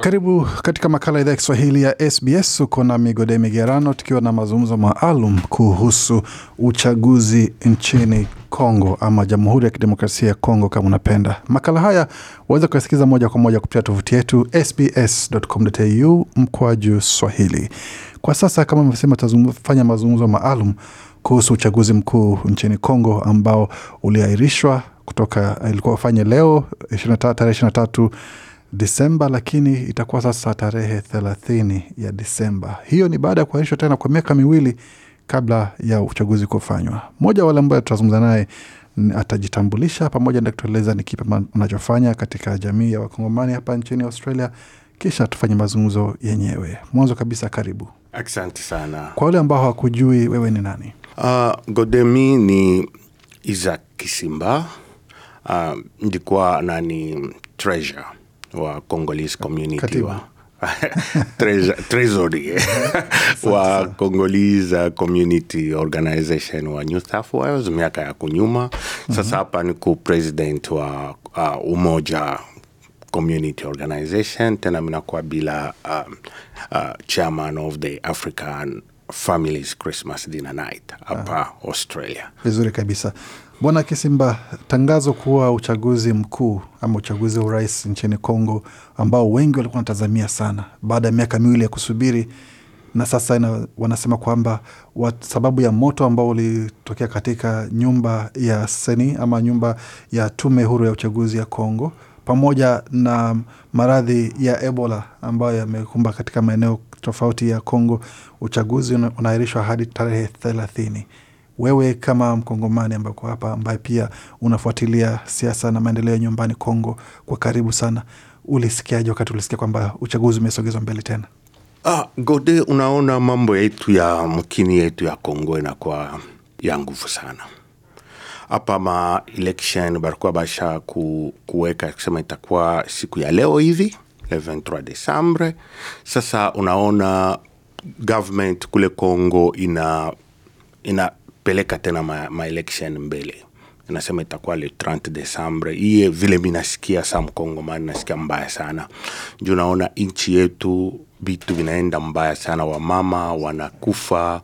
Karibu katika makala ya idhaa ya Kiswahili ya SBS. Uko na Migode Migerano tukiwa na mazungumzo maalum kuhusu uchaguzi nchini Kongo ama Jamhuri ya Kidemokrasia ya Kongo kama unapenda. Makala haya waweza kuyasikiza moja kwa moja kupitia tovuti yetu sbs.com.au mkwaju Swahili. Kwa sasa, kama imesema, tutafanya mazungumzo maalum kuhusu uchaguzi mkuu nchini Kongo ambao uliahirishwa kutoka ilikuwa ufanye leo tarehe 23 Disemba, lakini itakuwa sasa tarehe thelathini ya Disemba. Hiyo ni baada ya kuahirishwa tena kwa miaka miwili kabla ya uchaguzi kufanywa. Mmoja wa wale ambayo tutazungumza naye atajitambulisha pamoja na kutueleza ni kipi anachofanya katika jamii ya wakongomani hapa nchini Australia, kisha tufanye mazungumzo yenyewe. Mwanzo kabisa, karibu. Asante sana. Kwa wale ambao hawakujui, wewe ni nani? Uh, Godemi ni Isaac Kisimba. Uh, ah, ndikuwa nani treasure wa Congolese community wa treasury wa Congolese community organization wa New South miaka ya kunyuma. Sasa mhm. hapa ni ku president wa uh, umoja community organization tena minakuwa bila uh, chairman of the African families Christmas dinner night hapa ah, Australia. Vizuri kabisa. Bwana Kisimba, tangazo kuwa uchaguzi mkuu ama uchaguzi wa urais nchini Kongo ambao wengi walikuwa wanatazamia sana baada ya miaka miwili ya kusubiri, na sasa ina, wanasema kwamba sababu ya moto ambao ulitokea katika nyumba ya seni ama nyumba ya tume huru ya uchaguzi ya Kongo pamoja na maradhi ya Ebola ambayo yamekumba katika maeneo tofauti ya Kongo, uchaguzi unaahirishwa hadi tarehe thelathini. Wewe kama Mkongomani ambako hapa ambaye pia unafuatilia siasa na maendeleo ya nyumbani Kongo kwa karibu sana, ulisikiaje wakati ulisikia kwamba uchaguzi umesogezwa mbele tena? Ah, Gode, unaona mambo yetu ya mkini yetu ya Kongo inakuwa ya nguvu sana hapa ma election barikuwa basha ku, kuweka kusema itakuwa siku ya leo hivi le 23 Desembre. Sasa unaona government kule congo ina inapeleka tena ma, ma election mbele, inasema itakuwa le 30 Desembre. Iye vile minasikia sa Mkongo mani nasikia mbaya sana juu naona nchi yetu vitu vinaenda mbaya sana, wamama wanakufa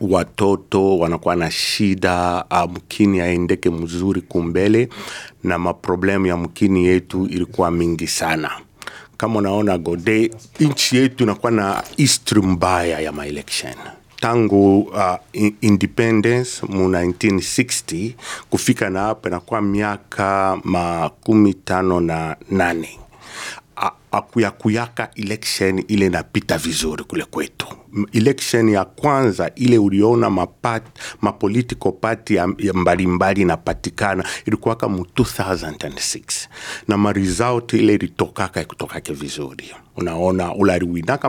watoto wanakuwa na shida, amkini aendeke mzuri kumbele, na maproblemu ya mkini yetu ilikuwa mingi sana. Kama unaona Gode, nchi yetu inakuwa na history mbaya ya maelection tangu uh, independence mu 1960 kufika na hapa inakuwa miaka makumi tano na nane akuyakuyaka election ile inapita vizuri kule kwetu. Election ya kwanza ile uliona mapat, mapolitical party mbalimbali inapatikana ilikuwaka mu 2006 na maresult ile ilitokaka ikutokake vizuri. Unaona ula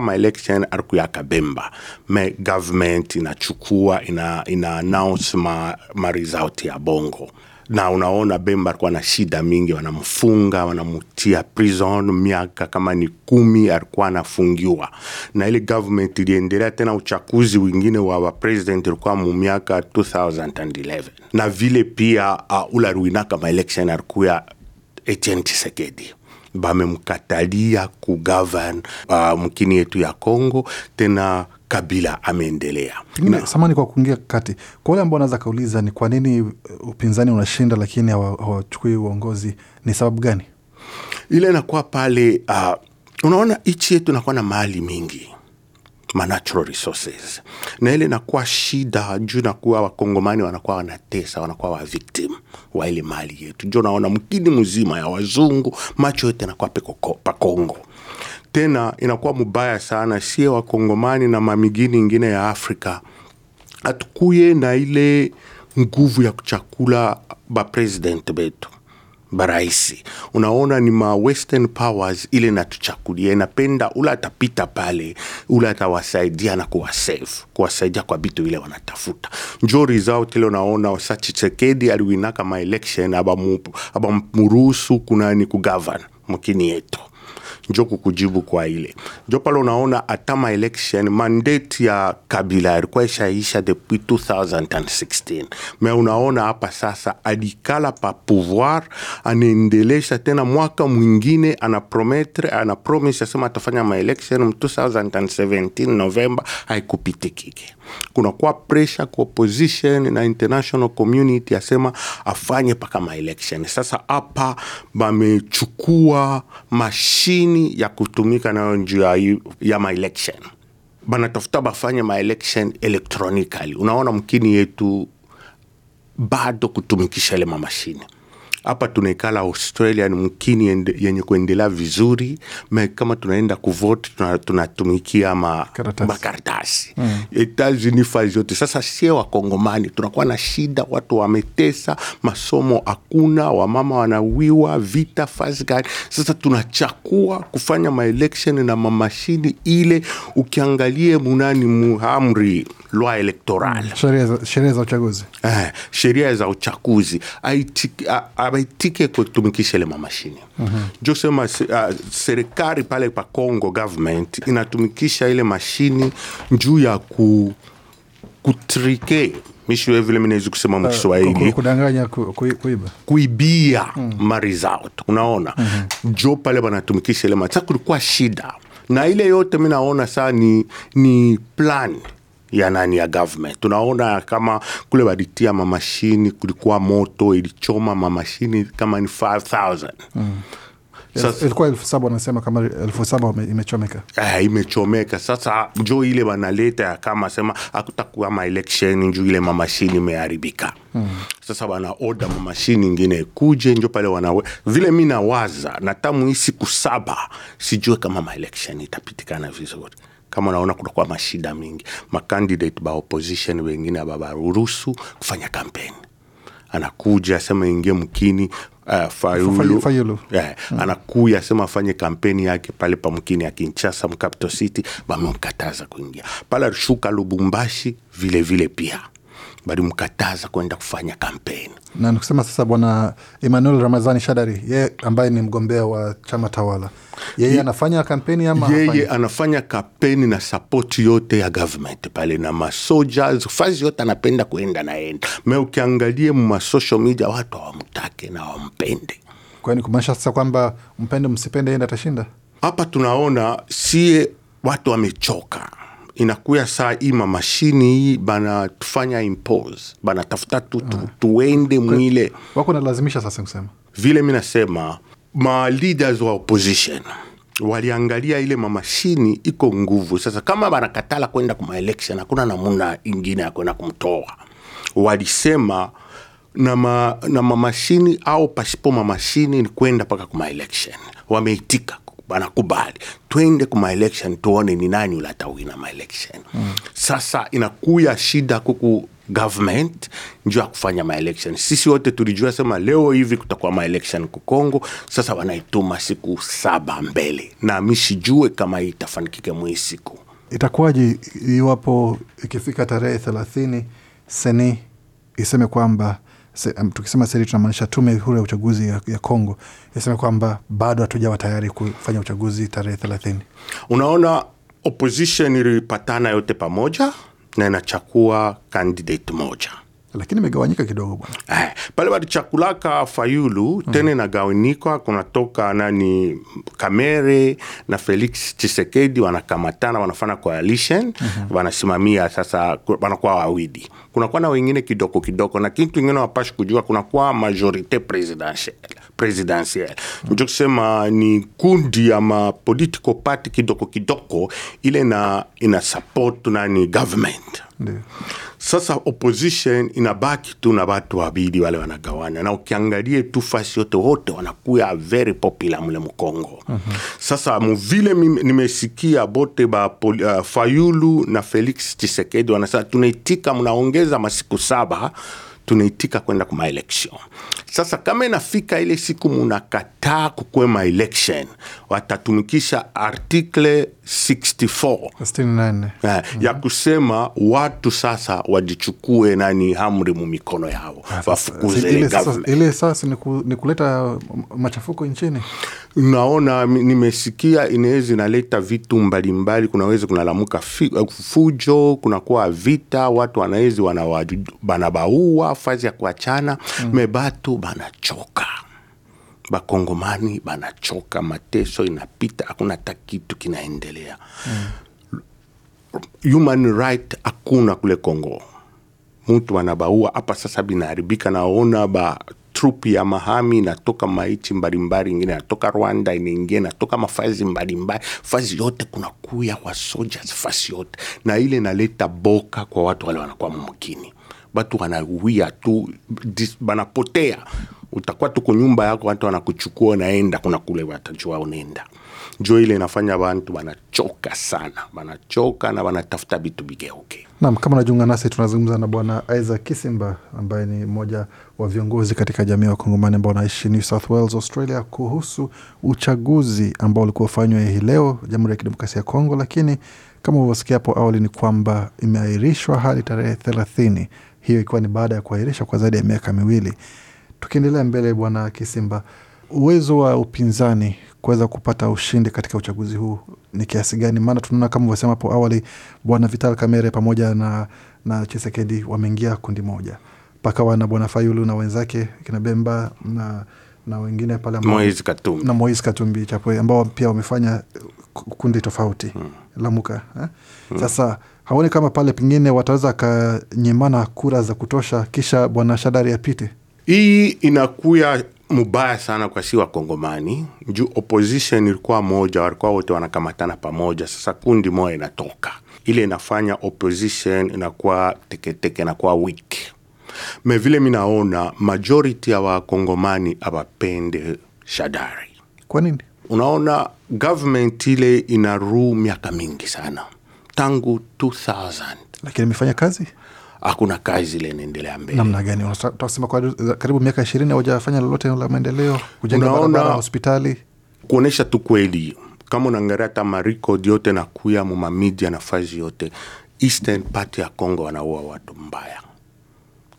ma election arikuyaka bemba me government inachukua ina, ina announce ma, ma result ya bongo na unaona Bemba alikuwa na shida mingi, wanamfunga wanamutia prison miaka kama ni kumi alikuwa anafungiwa. Na ile government iliendelea tena uchakuzi wingine wa wa president ilikuwa mu miaka 2011 na vile pia uh, ula ruinaka ma election alikuwa Etienne Tshisekedi bamemkatalia kugovern uh, mkini yetu ya Congo tena Kabila ameendelea. samani kwa kuingia kati, kwa wale ambao wanaweza kauliza ni kwa nini uh, upinzani unashinda lakini hawachukui uongozi, ni sababu gani? Ile inakuwa pale, uh, unaona nchi yetu inakuwa na mali mingi ma natural resources, na ile inakuwa shida juu nakuwa wakongomani wanakuwa wanatesa, wanakuwa wa victim wa ile mali yetu, juu naona mkini mzima ya wazungu, macho yote anakuwa pakongo Kongo tena inakuwa mubaya sana, sie Wakongomani na mamigini ingine ya Afrika atukuye na ile nguvu ya kuchakula bapresident betu baraisi. Unaona, ni ma western powers ile natuchakulia inapenda ula atapita pale, ula atawasaidia na kuwasave, kuwasaidia kwa bitu ile wanatafuta njo result ile. Unaona sa Chisekedi aliwinaka maelection abamuruhusu kunani kugovern mkini yetu njo kukujibu kwa ile. Njo pale unaona atama election mandate ya Kabila ilikuwa ishaisha depuis 2016, me unaona hapa sasa adikala pa pouvoir, anaendelesha tena mwaka mwingine, anaprometre anapromise asema atafanya maelection 2017 November, haikupitikike. Kunakuwa pressure kwa opposition na international community asema afanye paka maelection. Sasa hapa bamechukua mashine nini ya kutumika nayo juu ya, ya maelection banatafuta bafanye maelection electronically. Unaona mkini yetu bado kutumikisha ile mamashine hapa tunaikala Australia ni mkini yenye kuendelea vizuri me, kama tunaenda kuvote tunatumikia tuna makaratasi mm. Etats-Unis eh, zote sasa, sie wakongomani tunakuwa na shida, watu wametesa, masomo hakuna, wamama wanawiwa, vita fasi gani. Sasa tunachakua kufanya maelection na mamashini ile, ukiangalie munani muhamri lwa elektoral hmm. sheria za uchaguzi eh, sheria za uchaguzi habaitike kutumikisha ile mamashini uh mhm. -huh. Josema uh, serikali pale pa Congo government inatumikisha ile mashini njuu ya ku, kutrike mishiwe vile minaezi kusema mkiswahili eh, kudanganya kuiba kuibia mm. maresult unaona mm -hmm. jo pale wanatumikisha ile masa kulikuwa shida na ile yote minaona naona saa ni, ni plani ya nani ya government. Tunaona kama kule walitia mamashini kulikuwa moto ilichoma mamashini kama ni 5000 mm. Sasa, ilikuwa elfu saba wanasema kama elfu saba imechomeka eh, imechomeka. Sasa njo ile wanaleta kama sema akutakuwa maelekthen nju ile mamashini imeharibika mm. Sasa wanaoda mamashini ingine ikuje njo pale wanawe vile mi nawaza na tamu hii siku saba sijue kama maelekthen itapitikana vizuri kama unaona kutakuwa mashida mingi, makandidate ba opposition wengine ababaruhusu kufanya kampeni, anakuja asema ingie mkini Uh, Fayulu, Fayulu. Yeah. Mm. Anakuya asema afanye kampeni yake pale pamkini ya kinchasa mcapital city, bamemkataza kuingia pale. Shuka Lubumbashi vilevile vile pia walimkataza kwenda kufanya kampeni. Na nikusema sasa, bwana Emmanuel Ramazani Shadari, yeye ambaye ni mgombea wa chama tawala, yeye anafanya kampeni ama yeye anafanya kampeni na sapoti yote ya government pale na masoja fazi yote, anapenda kuenda naenda me. ukiangalie masocial media watu hawamtake na wampende, kwani kumaanisha sasa kwamba mpende msipende, yende atashinda hapa. Tunaona sie watu wamechoka inakuya saa hii mamashini hii banatufanya impose banatafuta tu, tu, ah. tuende mwile wako nalazimisha sasa kusema vile mi nasema ma leaders wa opposition waliangalia ile mamashini iko nguvu sasa kama banakatala kwenda election hakuna namuna ingine ya kwenda kumtoa walisema na, ma, na mamashini au pasipo mamashini ni kwenda mpaka kumaelection wameitika wanakubali twende ku tuone ni nani ulatawina maelection mm. Sasa inakuya shida kuku government njuu ya kufanya maelection. Sisi wote tulijua sema leo hivi kutakuwa maelection kukongo sasa wanaituma siku saba mbele, na mishijue kama hii itafanikike mwi siku itakuwaji iwapo ikifika tarehe thelathini seni iseme kwamba um, tukisema seri tunamaanisha tume huru ya uchaguzi ya, ya Kongo yasema kwamba bado hatujawa tayari kufanya uchaguzi tarehe thelathini. Unaona, opposition ilipatana yote pamoja na inachakua kandidate moja lakini imegawanyika kidogo bwana eh, pale bado chakulaka Fayulu hmm. tena inagawanikwa mm kunatoka nani Kamere na Felix Chisekedi wanakamatana wanafana coalition mm -hmm. wanasimamia sasa, wanakuwa wawidi, kunakuwa na wengine kidogo kidogo, na kitu ingine wapashi kujua, kunakuwa majorite presidentiel presidentiel mm kusema ni kundi ya mapolitical party kidogo kidogo ile na ina support nani government sasa opposition inabaki tu na watu wabidi wale wanagawana na ukiangalie tu fasi yote wote wanakuya very popular mle Mkongo. uh mhm. -huh. Sasa muvile nimesikia bote ba poli, uh, Fayulu na Felix chisekedi wanasema tunaitika, mnaongeza masiku saba tunaitika kwenda kuma election Sasa kama inafika ile siku munakataa kukuwe maelection, watatumikisha article 64 eh, yeah, mm -hmm. ya kusema watu sasa wajichukue nani hamri mu mikono yao ah, wafukuzeile sasa, ni, ku, ni kuleta machafuko nchini naona nimesikia inaweza inaleta vitu mbalimbali kunaweza kunalamuka eh, fujo kunakuwa vita watu wanawezi wanabaua fazi ya kuachana mm. mebatu banachoka Bakongomani banachoka, mateso inapita, hakuna hata kitu kinaendelea mm. Human right hakuna kule Kongo, mtu anabaua hapa sasa, binaharibika. Naona ba trupi ya mahami inatoka maichi mbalimbali, ingine inatoka Rwanda, inaingia inatoka mafazi mbalimbali, fazi yote kuna kuya wa soja, fasi yote, na ile inaleta boka kwa watu wale wanakuwa mumkini, batu wanawia tu banapotea utakuwa tuko nyumba yako watu wanakuchukua unaenda kuna kule watajua unaenda njo ile inafanya bantu wanachoka sana wanachoka na wanatafuta vitu vigeuke nam kama najunga nasi tunazungumza na bwana isa kisimba ambaye ni mmoja wa viongozi katika jamii ya wakongomani ambao wanaishi new south wales australia kuhusu uchaguzi ambao ulikuwa ufanywa hii leo jamhuri ya kidemokrasia ya kongo lakini kama ulivyosikia hapo awali ni kwamba imeahirishwa hadi tarehe thelathini hiyo ikiwa ni baada ya kuahirishwa kwa zaidi ya miaka miwili Tukiendelea mbele, Bwana Kisimba, uwezo wa upinzani kuweza kupata ushindi katika uchaguzi huu ni kiasi gani? Maana tunaona kama ulivyosema hapo awali, Bwana Vital Kamerhe pamoja na, na Chisekedi wameingia kundi moja, pakawa na Bwana Fayulu na wenzake kina Bemba na na wengine pale Moise Katumbi, na Moise Katumbi Chapwe ambao pia wamefanya kundi tofauti hmm. Lamuka eh? hmm. Sasa haoni kama pale pengine wataweza kanyimana kura za kutosha, kisha bwana Shadari apite? Hii inakuya mubaya sana kwa si Wakongomani juu opposition ilikuwa moja, walikuwa wote wanakamatana pamoja. Sasa kundi moja inatoka ile inafanya opposition inakuwa teketeke, inakuwa weak. Me vile minaona majority ya Wakongomani abapende Shadari. Kwa nini? Unaona government ile ina rule miaka mingi sana tangu 2000 lakini imefanya kazi hakuna kazi zile inaendelea mbele. Namna gani tunasema, kwa karibu miaka ishirini haujafanya lolote la maendeleo, kujenga barabara, hospitali, kuonyesha tu kweli. Kama unaangalia hata marekodi yote nakuya mumamidia nafasi yote eastern part ya Congo wanaua watu mbaya,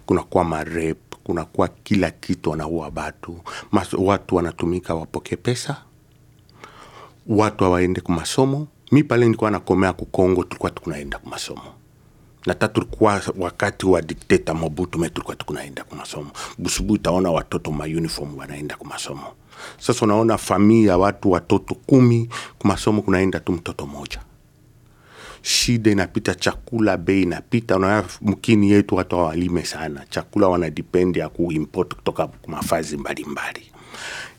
kunakuwa marep, kunakuwa kila kitu, wanaua batu Mas, watu wanatumika wapokee pesa, watu hawaende kumasomo. Mi pale nilikuwa nakomea kukongo, tulikuwa tukunaenda kumasomo na hata tulikuwa wakati wa dikteta Mobutu me tulikuwa tukunaenda kwa masomo. Busubu utaona watoto ma uniform wanaenda kwa masomo. Sasa unaona familia ya watu watoto kumi kwa masomo kunaenda tu mtoto moja. Shida inapita, chakula bei inapita. Unaona mkini yetu watu hawalime sana chakula, wanadipendi ya kuimport kutoka mafazi mbalimbali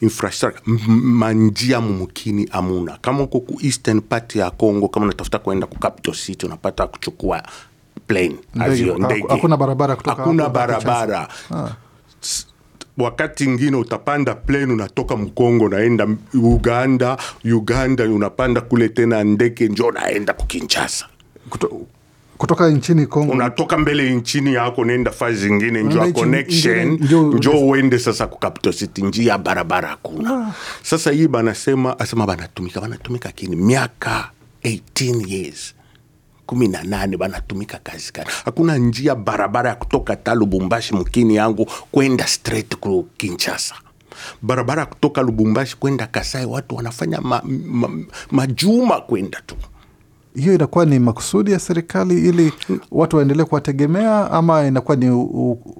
infrastructure manjia mumkini amuna. Kama uko ku eastern part ya Congo, kama unatafuta kuenda ku capital city, unapata kuchukua plane ndege. Hakuna barabara kutoka hakuna barabara Wakati ingine utapanda plane unatoka Mkongo naenda Uganda, Uganda unapanda kule tena ndege njo naenda kukinchasa Kuto kutoka nchini Kongo unatoka mbele nchini yako naenda fazi zingine, njo connection njo uende sasa ku capital city, njia barabara hakuna. Ah. Sasa hii banasema asema banatumika banatumika kini miaka 18 years kumi na nane banatumika kazi kani. Hakuna njia barabara ya kutoka ta Lubumbashi mkini yangu kwenda straight ku Kinshasa barabara ya kutoka Lubumbashi kwenda Kasai, watu wanafanya ma, ma, majuma kwenda tu. Hiyo inakuwa ni makusudi ya serikali ili watu waendelee kuwategemea, ama inakuwa ni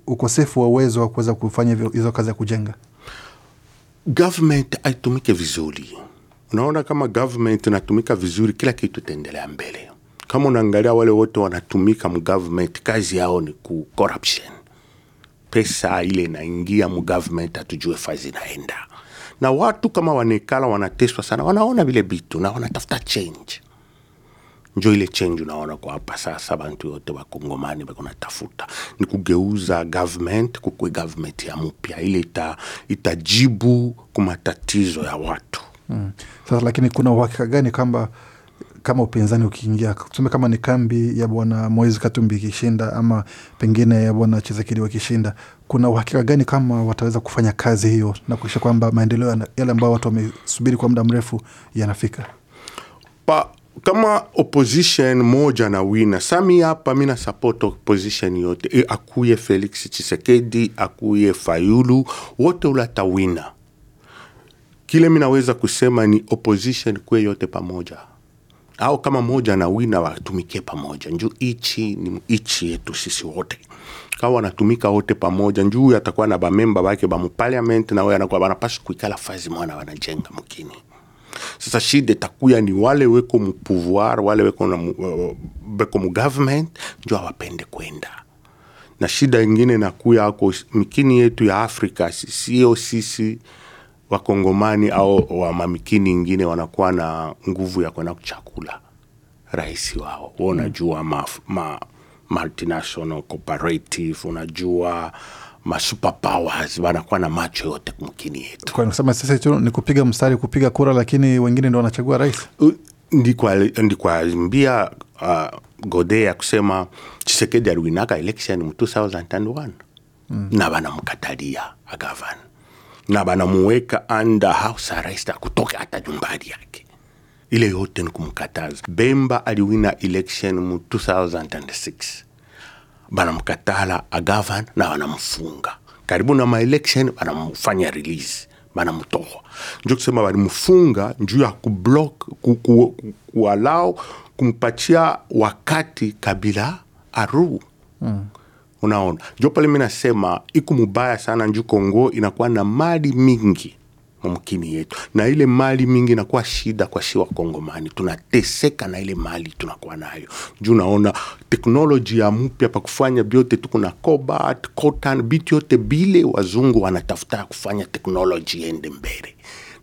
ukosefu wa uwezo wa kuweza kufanya hizo kazi ya kujenga? Government aitumike vizuri. Unaona, kama government inatumika vizuri, kila kitu itaendelea mbele. Kama unaangalia wale wote wanatumika mgovernment, kazi yao ni ku corruption. Pesa ile inaingia mgovernment, hatujue fazi inaenda, na watu kama wanekala wanateswa sana, wanaona vile vitu na wanatafuta change njo ile change unaona kwa hapa sasa, bantu yote wakongomani wakonatafuta ni kugeuza government kukwe government ya mpya ile ita, itajibu kumatatizo ya watu mm. Sasa lakini kuna uhakika gani kwamba kama upinzani ukiingia, tuseme kama ni kambi ya bwana Moise Katumbi ikishinda ama pengine ya bwana Tshisekedi wakishinda, kuna uhakika gani kama wataweza kufanya kazi hiyo na kuhakikisha kwamba maendeleo yale ambayo watu wamesubiri kwa muda mrefu yanafika? Pa, kama opposition moja na wina sami hapa, na support opposition yote e, akuye Felix chisekedi akuye Fayulu wote wina. Kile minaweza kusema ni opposition kwe yote pamoja au kama mmoja na wina watumike pamoja njuu ichi ni ichi yetu sisi wote kawa wanatumika wote pamoja njuu atakuwa na bamemba bake ba na wao anakuwa banapasha kuikala fazi mwana wanajenga mkini sasa shida takuya ni wale weko mupouvoir wale weko na beko eh, eh, mu government njo awapende kwenda na shida ingine nakuya ako mikini yetu ya Afrika sio sisi Wakongomani au wamamikini ingine wanakuwa na nguvu ya kwenda kuchakula rahisi wao. wa unajua ma, ma multinational cooperative, unajua ma superpowers wanakuwa na macho yote mkini yetu. Kwa sasa hicho ni kupiga mstari, kupiga kura, lakini wengine ndo wanachagua rais. Ndikwambia uh, Gode ya kusema Chisekedi aliwinaka election mu 2001 mm. na wanamkatalia agavana na banamuweka anda house arrest, akutoke hata nyumbani yake. Ile yote ni kumkataza. Bemba aliwina election mu 2006 banamkatala agavana na banamfunga karibu na maelection, banamfanya release banamtoa njo kusema walimfunga njuu ya kublock kualau kumpatia wakati Kabila aru mm. Unaona, jo pale mi nasema iku mubaya sana nju Kongo inakuwa na mali mingi mkini yetu, na ile mali mingi inakuwa shida kwa si kongomani tunateseka na ile mali tunakuwa nayo juu. Naona teknoloji ya mpya pa kufanya vyote, tuko na cobalt, cotton, bit yote bile wazungu wanatafuta kufanya teknoloji ende mbele,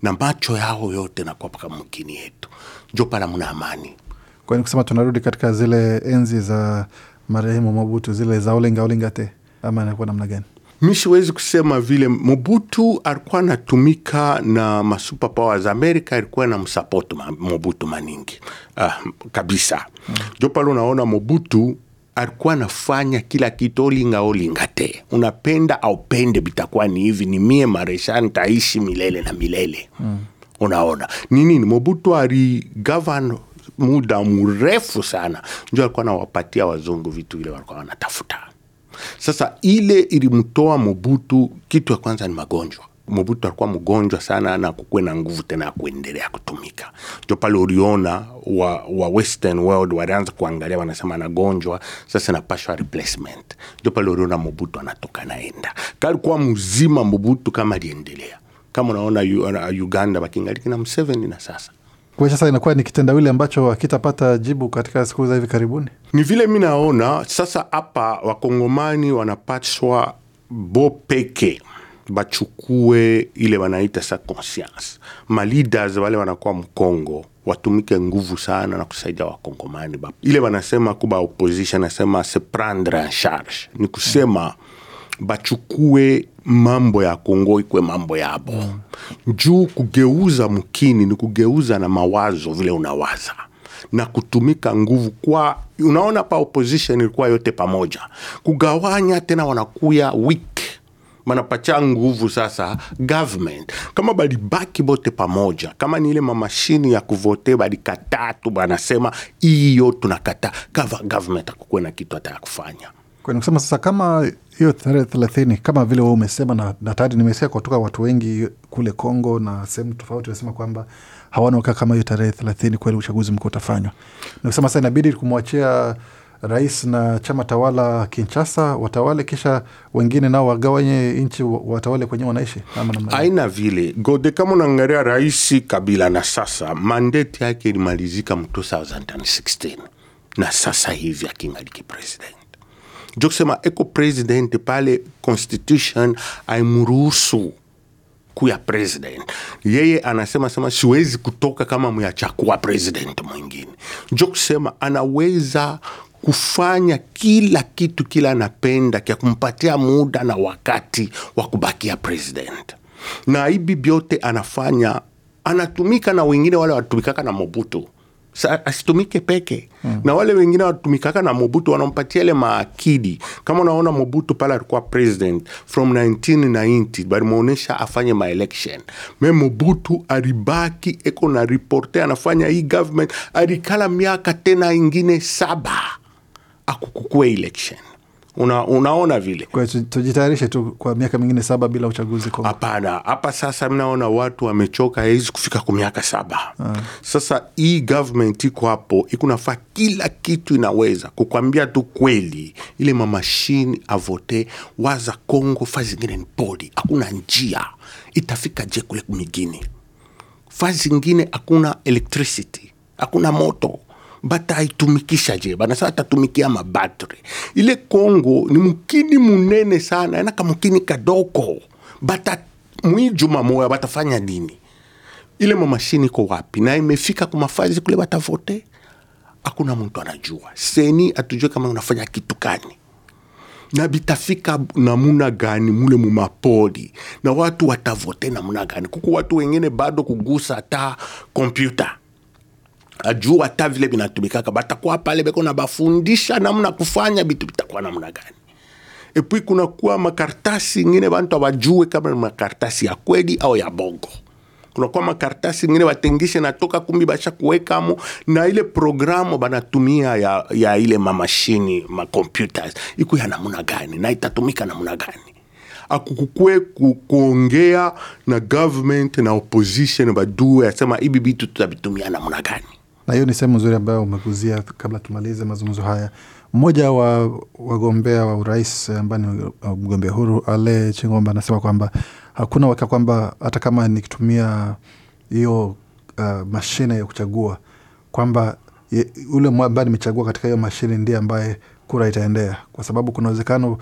na macho yao yote nakuwa paka mkini yetu, njo pala muna amani. Kwani kusema tunarudi katika zile enzi za marehemu Mobutu, zile za ulinga ulinga te, ama inakuwa namna gani? Mi siwezi kusema vile. Mobutu alikuwa anatumika na masupa za Amerika, alikuwa na msapoti Mobutu maningi ah, kabisa mm. Jo pale unaona Mobutu alikuwa anafanya kila kitu olinga olinga te, unapenda aupende, vitakuwa ni hivi, ni mie maresha nitaishi milele na milele mm. Unaona ni nini Mobutu ali muda mrefu sana, ndio alikuwa anawapatia wazungu vitu vile walikuwa wanatafuta. Sasa ile ilimtoa Mobutu, kitu ya kwanza ni magonjwa. Mobutu alikuwa mgonjwa sana na kukuwe na nguvu tena ya kuendelea kutumika. Ndio pale uliona wa, wa western world walianza kuangalia, wanasema anagonjwa sasa, napashwa replacement. Ndio pale uliona Mobutu anatoka naenda, kalikuwa mzima Mobutu kama aliendelea, kama unaona Uganda wakiangalia mseveni na sasa kwa sasa inakuwa ni kitendawili ambacho hakitapata jibu katika siku za hivi karibuni. Ni vile mi naona sasa hapa wakongomani wanapaswa bo peke bachukue ile wanaita sa conscience malidas wale wanakuwa mkongo watumike nguvu sana na kusaidia wakongomani ba ile wanasema kuba opposition nasema se prendre en charge ni kusema bachukue mambo ya Kongo ikwe mambo yabo mm. Juu kugeuza mkini ni kugeuza na mawazo vile unawaza na kutumika nguvu kwa, unaona pa opposition ilikuwa yote pamoja, kugawanya tena wanakuya weak, manapacha nguvu sasa government. Kama balibaki bote pamoja, kama ni ile mamashini ya kuvote balikataa tu, banasema hiyo tunakataa, kava government akukuwe na kitu hata ya kufanya. Kwa sasa kama hiyo tarehe thelathini kama vile wewe umesema na, na tayari nimesikia kutoka watu wengi kule Kongo na sehemu tofauti wanasema kwamba hawana ukaa kama hiyo tarehe thelathini kweli uchaguzi mkuu utafanywa. Nikusema sasa inabidi kumwachia rais na chama tawala Kinshasa watawale, kisha wengine nao wagawanye nchi watawale kwenye wanaishi ama namna aina vile gode. Kama unaangalia rais Kabila na sasa mandeti yake ilimalizika mu 2016 na sasa hivi akingaliki president ndio kusema eko president pale constitution aimruhusu kuya president. Yeye anasema sema siwezi kutoka kama muyachakua president mwingine, ndio kusema anaweza kufanya kila kitu kila anapenda kya kumpatia muda na wakati wa kubakia president, na hivi vyote anafanya, anatumika na wengine wale watumikaka na Mobutu asitumike peke mm. na wale wengine watumikaka na Mobutu wanampatia ile maakidi. Kama unaona Mobutu pale alikuwa president from 1990 balimuonesha afanye maelection me Mobutu alibaki eko na riporte anafanya hii government, alikala miaka tena ingine saba akukukua election una, unaona vile tujitayarishe tu kwa miaka mingine saba bila uchaguzi Hapana, hapa sasa mnaona watu wamechoka, haiwezi kufika kwa miaka saba. ha. Ah. Sasa hii government iko hapo, ikunafaa kila kitu inaweza kukwambia tu kweli, ile mamashini avote waza Kongo fa zingine ni poli, hakuna njia itafika je kule kumigini fa zingine, hakuna electricity, hakuna moto bataitumikishaje banasa atatumikia mabatri ile kongo ni mkini munene sana ena yaani kamkini kadoko bata mwi juma moya batafanya nini ile mamashini iko wapi na imefika kumafazi kule batavote hakuna mtu anajua seni atujue kama unafanya kitu kani na bitafika namuna gani mule mumapoli na watu watavote namuna gani kuku watu wengine bado kugusa hata kompyuta juu hata vile binatumikaka batakuwa pale beko na bafundisha namna kufanya bitu bitakuwa namna gani epui kunakuwa makartasi ingine bantu abajue kama ni makartasi ya kweli au ya bongo kunakuwa makartasi ingine batengishe natoka kumbi basha kuwekamo na ile programu banatumia ya, ya ile mamashini macomputers iku ya namuna gani na itatumika namuna gani akukukwe kuongea na government na opposition badue asema hivi bitu tutabitumia namuna gani na hiyo ni sehemu nzuri ambayo umeguzia kabla tumalize mazungumzo haya. Mmoja wa wagombea wa urais eh, ambaye ni eh, mgombea huru Ale Chingomba anasema kwamba hakuna uhakika kwamba hata kama nikitumia hiyo uh, mashine ya kuchagua kwamba yule ambaye nimechagua katika hiyo mashine ndiye ambaye kura itaendea, kwa sababu kuna uwezekano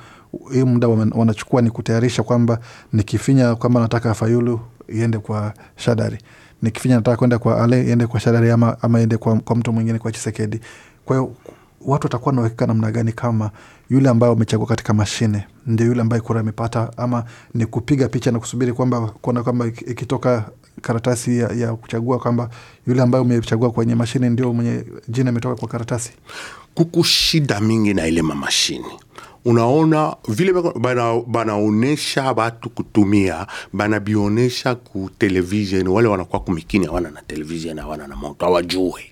hii muda wanachukua ni kutayarisha kwamba nikifinya kwamba nataka Fayulu iende kwa Shadari nikifinya nataka kwenda kwa Ale, ende kwa Shadari ama, ama ende kwa, kwa mtu mwingine kwa Chisekedi. Kwa hiyo watu watakuwa na uhakika namna gani kama yule ambaye wamechagua katika mashine ndio yule ambaye kura amepata, ama ni kupiga picha na kusubiri kwamba kuona kwamba ikitoka karatasi ya, ya kuchagua kwamba yule ambaye umechagua kwenye mashine ndio mwenye jina imetoka kwa karatasi? Kuku shida mingi na ile mamashini unaona vile bana, banaonesha batu kutumia banabionesha ku television, wale wanakuwa kumikini awana na television awana na moto awajue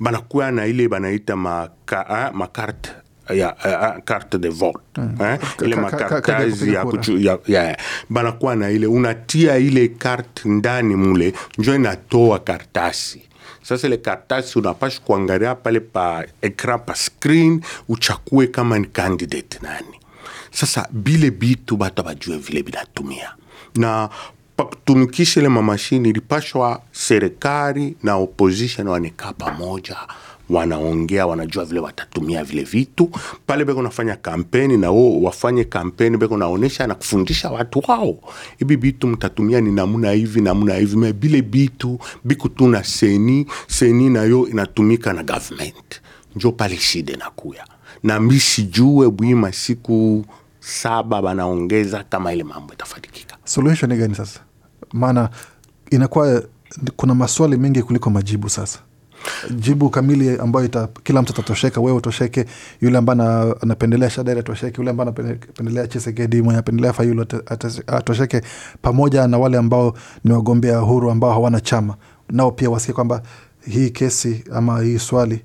banakuwa na ile banaita maka, eh, makarte ya uh, carte de vote mm. eh? ile makartazi ya, ya, ya, banakuwa na ile unatia ile carte ndani mule njo inatoa kartasi sasa ile karatasi unapashi kuangalia pale pa ekran pa screen, uchakue kama ni candidate nani. Sasa bile bitu bata bajue vile binatumia na pakutumikisha ile mamashini ilipashwa serikali na opposition wanekaa pamoja wanaongea, wanajua vile watatumia vile vitu pale, beko nafanya kampeni na wao wafanye kampeni, beko naonesha na kufundisha watu wao, hivi bitu mtatumia ni namuna hivi namuna hivi, me bile bitu biku na seni seni, nayo inatumika na government, njo pale shida nakuya na misi jue bwima siku saba banaongeza kama ile mambo itafatikika. Solution ni gani sasa? Maana inakuwa kuna maswali mengi kuliko majibu sasa jibu kamili ambayo ita, kila mtu atatosheka, wewe utosheke, yule ambaye anapendelea Shadari atosheke, yule ambaye anapendelea Chisekedi, mwenye apendelea Fayulu atosheke, pamoja na wale ambao ni wagombea huru ambao hawana chama, nao pia wasikie kwamba hii kesi ama hii swali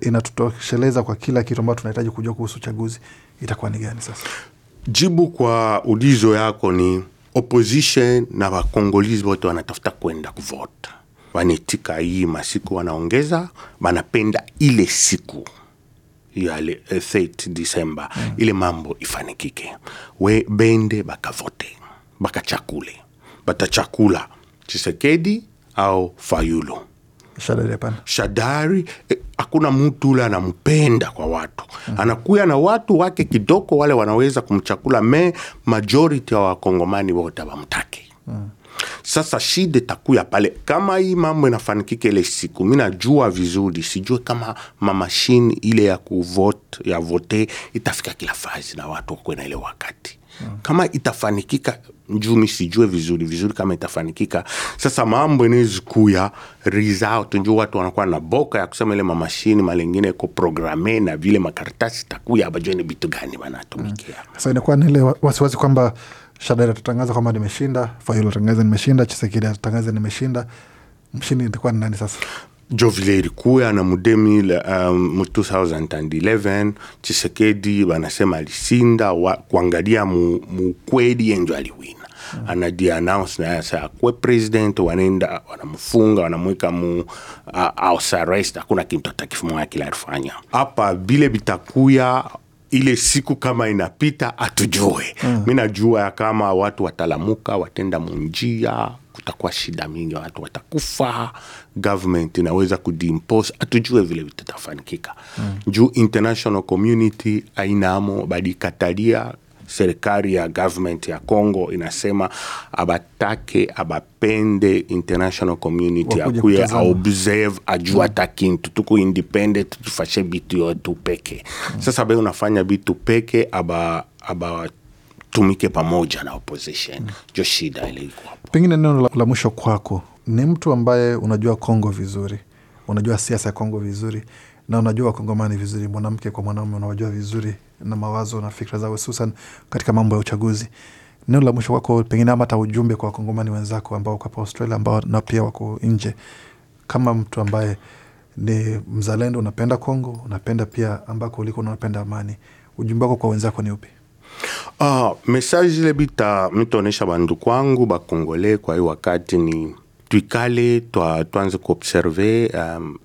inatutosheleza kwa kila kitu ambacho tunahitaji kujua kuhusu uchaguzi itakuwa ni gani. Sasa jibu kwa ulizo yako ni opposition na wakongolizi wote wanatafuta kwenda kuvota wanetika hii masiku wanaongeza, wanapenda ile siku ya 8 eh, Disemba mm. ile mambo ifanikike, we bende bakavote bakachakule batachakula Chisekedi au Fayulu Shadari, eh, hakuna eh, mtu ule anampenda kwa watu mm. anakuya na watu wake kidogo, wale wanaweza kumchakula me majority ya wa wakongomani wote wamtake mm. Sasa shida itakuya pale kama hii mambo inafanikika ile siku, mi najua vizuri, sijue kama mamashini ile ya kuvote ya vote itafika kila fazi na watu wakuwe na ile wakati hmm. kama itafanikika njumi sijue vizuri vizuri kama itafanikika. Sasa mambo inawezi kuya result, njuu watu wanakuwa na boka ya kusema ile mamashini malengine ko programe na vile makaratasi takuya abajue ni vitu gani wanatumikia. Sasa inakuwa na ile wasiwasi kwamba Shadari atatangaza kwamba nimeshinda, Fayulu atangaza nimeshinda, Chisekedi atatangaza nimeshinda. Mshindi itakuwa ni nani sasa? na mudemi um, mu 2011 Chisekedi wanasema alishinda kuangalia mukweli enjo aliwina mm. anadi na yasa akwe president, wanenda wanamfunga wanamweka mu uh, house arrest. Hakuna kintu atakifumwa kila alifanya hapa, vile vitakuya ile siku kama inapita atujue mm. Mi najua ya kama watu watalamuka, watenda munjia, kutakuwa shida mingi, watu watakufa, government inaweza kudimpose, atujue vile vitatafanikika. mm. Juu international community ainamo badikatalia serikali ya government ya Congo inasema abatake abapende international community akuye aobserve mm. kintu tuku independent tufashe bitu yotu peke. Sasa be unafanya bitu peke aba aba tumike pamoja na opposition jo, shida ilikuwa pengine. Neno la mwisho kwako ni mtu ambaye unajua Kongo vizuri, unajua siasa ya Kongo vizuri na unajua wakongomani vizuri, mwanamke kwa mwanaume unawajua vizuri na mawazo na fikra zao hususan katika mambo ya uchaguzi. Neno la mwisho kwako pengine ama hata ujumbe kwa wakongomani wenzako ambao wako Australia ambao na pia wako nje, kama mtu ambaye ni mzalendo, unapenda Kongo, unapenda pia ambako uliko, unapenda amani, ujumbe wako kwa wenzako ni upi? Uh, ah, mesaji ile bita mitoonyesha bandu kwangu bakongole kwa hiyo wakati ni tuikale twa, tuanze kuobserve um,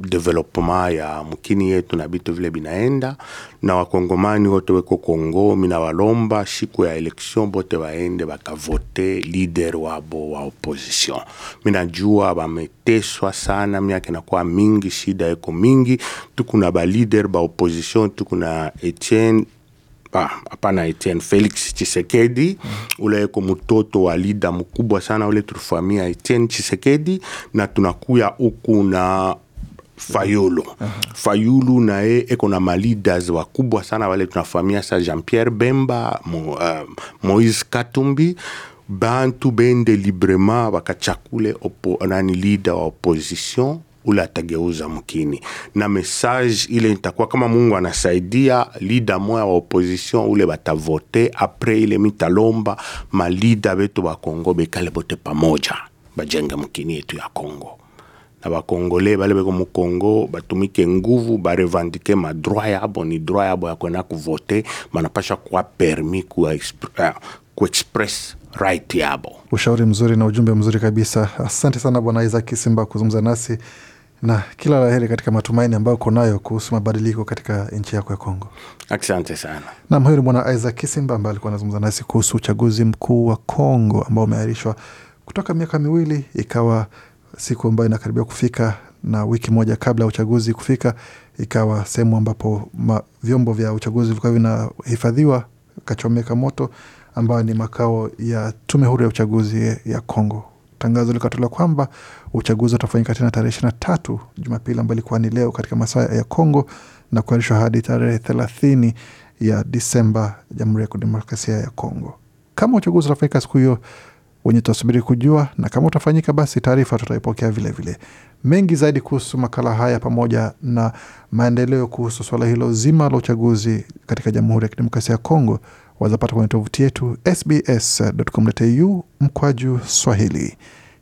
development ya mkini yetu na bitu vile binaenda na wakongomani wote weko Kongo, walomba shiku ya election bote waende bakavote lider wabo wa opposition. Minajua bameteswa sana, miaka inakuwa mingi, shida eko mingi. Tukuna ba leader ba opposition, tukuna Etienne hapana ah, Etienne Felix Chisekedi ule yeko mtoto wa lida mkubwa sana ule tulifamia Etienne Chisekedi, na tunakuya huku na Fayulu. Aha. Fayulu naye eko na malidas wakubwa sana wale tunafahamia sa Jean Pierre Bemba Mo, uh, Moise Katumbi bantu bende librema wakachakule opo, nani lida wa opposition ule atageuza mkini na message ile itakuwa kama Mungu anasaidia lida moya wa opposition ule batavote apres ile mitalomba malida betu ba Kongo bekale bote pamoja bajenge mkini yetu ya Kongo na bakongole bale beko mu Kongo batumike nguvu barevandike madroit yabo, ni droit yabo ya kwenda kuvote, banapasha kuwa permi kuwa ah, express right yabo. Ushauri mzuri na ujumbe mzuri kabisa. Asante sana Bwana Isaac Simba kuzungumza nasi na kila la heri katika matumaini ambayo uko nayo kuhusu mabadiliko katika nchi yako ya Kongo. Asante sana. Nam, huyo ni Bwana Isaac Simba ambaye alikuwa anazungumza nasi kuhusu uchaguzi mkuu wa Kongo ambao umeahirishwa kutoka miaka miwili ikawa siku ambayo inakaribia kufika na wiki moja kabla ya uchaguzi kufika, ikawa sehemu ambapo vyombo vya uchaguzi vilikuwa vinahifadhiwa, kachomeka moto, ambayo ni makao ya tume huru ya uchaguzi ya Kongo. Tangazo likatolewa kwamba uchaguzi utafanyika tena tarehe ishirini na tatu Jumapili, ambayo ilikuwa ni leo katika masaa ya Kongo na kuahirishwa hadi tarehe thelathini ya Disemba, Jamhuri ya Kidemokrasia ya Kongo. Kama uchaguzi utafanyika siku hiyo wenye tunasubiri kujua, na kama utafanyika, basi taarifa tutaipokea vilevile. Mengi zaidi kuhusu makala haya pamoja na maendeleo kuhusu suala hilo zima la uchaguzi katika Jamhuri ya Kidemokrasia ya Kongo wazapata kwenye tovuti yetu sbs.com.au mkwaju Swahili.